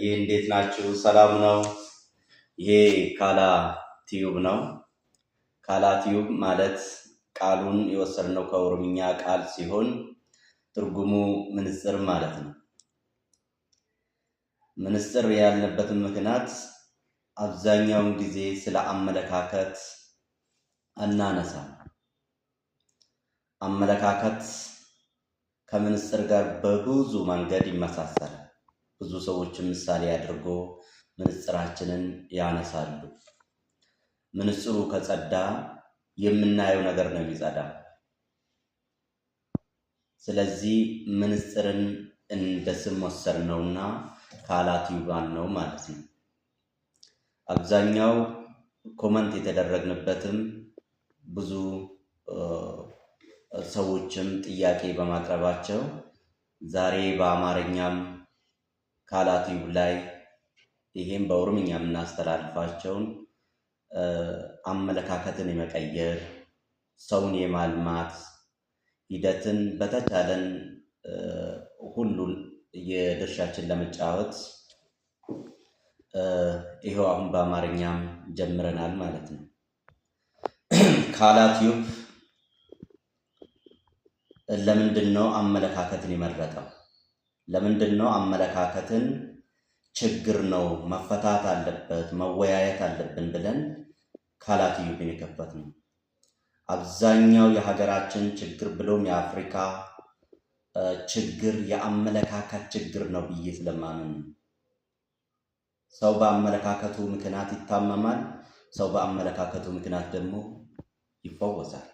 ይህ እንዴት ናችሁ? ሰላም ነው። ይሄ ካላ ቲዩብ ነው። ካላ ቲዩብ ማለት ቃሉን የወሰድነው ከኦሮምኛ ቃል ሲሆን ትርጉሙ ምንስጥር ማለት ነው። ምንስጥር ያልንበትን ምክንያት አብዛኛውን ጊዜ ስለ አመለካከት አናነሳም። አመለካከት ከምንስጥር ጋር በብዙ መንገድ ይመሳሰላል። ብዙ ሰዎች ምሳሌ አድርጎ ምንጽራችንን ያነሳሉ። ምንጽሩ ከጸዳ የምናየው ነገር ነው የሚጸዳ። ስለዚህ ምንጽርን እንደ ስም ወሰድ ነውና ካላት ይባል ነው ማለት ነው። አብዛኛው ኮመንት የተደረግንበትም ብዙ ሰዎችም ጥያቄ በማቅረባቸው ዛሬ በአማርኛም ካላቲው ላይ ይሄም በኦሮምኛ የምናስተላልፋቸውን አመለካከትን የመቀየር ሰውን የማልማት ሂደትን በተቻለን ሁሉ የድርሻችን ለመጫወት ይኸው አሁን በአማርኛም ጀምረናል ማለት ነው። ካላትዩብ ለምንድን ነው አመለካከትን የመረጠው? ለምንድን ነው አመለካከትን ችግር ነው መፈታት አለበት መወያየት አለብን ብለን ካላትዩብን የከበት ነው። አብዛኛው የሀገራችን ችግር ብሎም የአፍሪካ ችግር የአመለካከት ችግር ነው ብዬ ስለማምን ሰው በአመለካከቱ ምክንያት ይታመማል። ሰው በአመለካከቱ ምክንያት ደግሞ ይፈወሳል።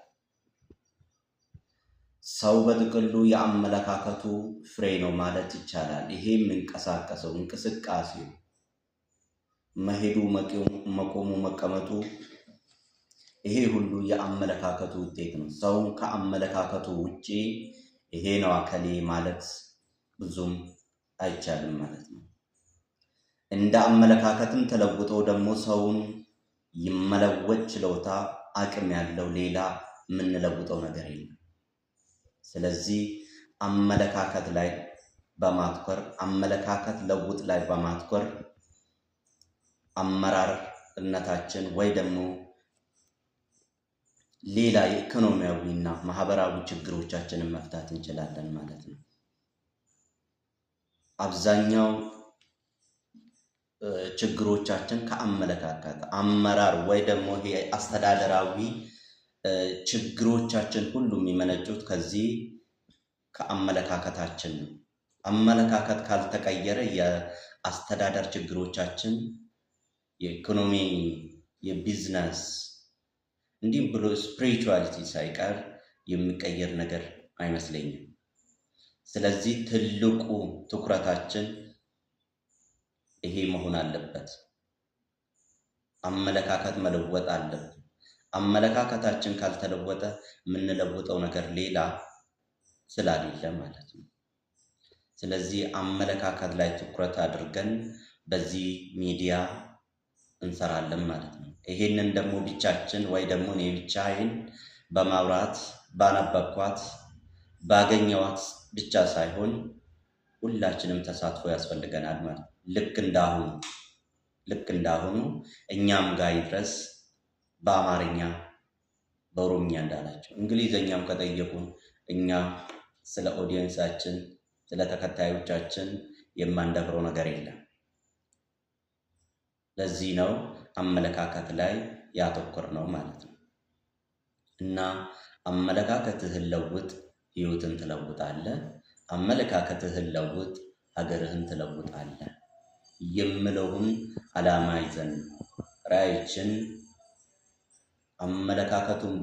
ሰው በጥቅሉ የአመለካከቱ ፍሬ ነው ማለት ይቻላል። ይሄ የሚንቀሳቀሰው እንቅስቃሴው፣ መሄዱ፣ መቆሙ፣ መቀመጡ ይሄ ሁሉ የአመለካከቱ ውጤት ነው። ሰው ከአመለካከቱ ውጪ ይሄ ነው አከሌ ማለት ብዙም አይቻልም ማለት ነው። እንደ አመለካከትም ተለውጦ ደግሞ ሰውን ይመለወጥ ችሎታ አቅም ያለው ሌላ የምንለውጠው ነገር የለም። ስለዚህ አመለካከት ላይ በማትኮር አመለካከት ለውጥ ላይ በማትኮር አመራርነታችን ወይ ደግሞ ሌላ የኢኮኖሚያዊና ማህበራዊ ችግሮቻችንን መፍታት እንችላለን ማለት ነው። አብዛኛው ችግሮቻችን ከአመለካከት አመራር ወይ ደግሞ ይሄ አስተዳደራዊ ችግሮቻችን ሁሉ የሚመነጩት ከዚህ ከአመለካከታችን ነው። አመለካከት ካልተቀየረ የአስተዳደር ችግሮቻችን፣ የኢኮኖሚ፣ የቢዝነስ እንዲሁም ብሎ ስፕሪቹዋሊቲ ሳይቀር የሚቀየር ነገር አይመስለኝም። ስለዚህ ትልቁ ትኩረታችን ይሄ መሆን አለበት። አመለካከት መለወጥ አለብን። አመለካከታችን ካልተለወጠ የምንለውጠው ነገር ሌላ ስላሌለ ማለት ነው። ስለዚህ አመለካከት ላይ ትኩረት አድርገን በዚህ ሚዲያ እንሰራለን ማለት ነው። ይሄንን ደግሞ ብቻችን ወይ ደግሞ እኔ ብቻዬን በማውራት ባነበኳት ባገኘዋት ብቻ ሳይሆን ሁላችንም ተሳትፎ ያስፈልገናል ማለት ነው። ልክ እንዳሁኑ ልክ እንዳሁኑ እኛም ጋር ይድረስ በአማርኛ በኦሮምኛ እንዳላቸው እንግሊዘኛም ከጠየቁን እኛ ስለ ኦዲየንሳችን ስለ ተከታዮቻችን የማንደፍረው ነገር የለም። ለዚህ ነው አመለካከት ላይ ያተኮር ነው ማለት ነው። እና አመለካከትህን ለውጥ፣ ህይወትን ትለውጣለህ። አመለካከትህን ለውጥ፣ ሀገርህን ትለውጣለህ። የምለውን አላማ ይዘን ራዕያችን አመለካከቱን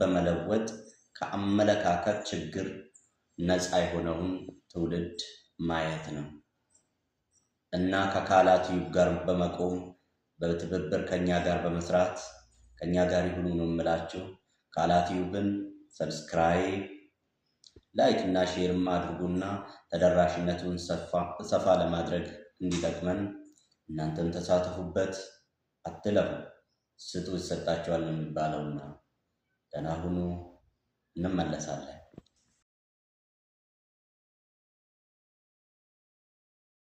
በመለወጥ ከአመለካከት ችግር ነፃ የሆነውን ትውልድ ማየት ነው እና ዩብ ጋር በመቆም በትብብር ከኛ ጋር በመስራት ከኛ ጋር ይሁኑ ነው የምላችሁ። ዩብን ሰብስክራይብ፣ ላይክ እና ሼርም አድርጉና ተደራሽነቱን ሰፋ ለማድረግ እንዲጠቅመን እናንተም ተሳተፉበት፣ አትለፉ። ስጡ ይሰጣቸዋል የሚባለውና ደህና ሁኑ። እንመለሳለን።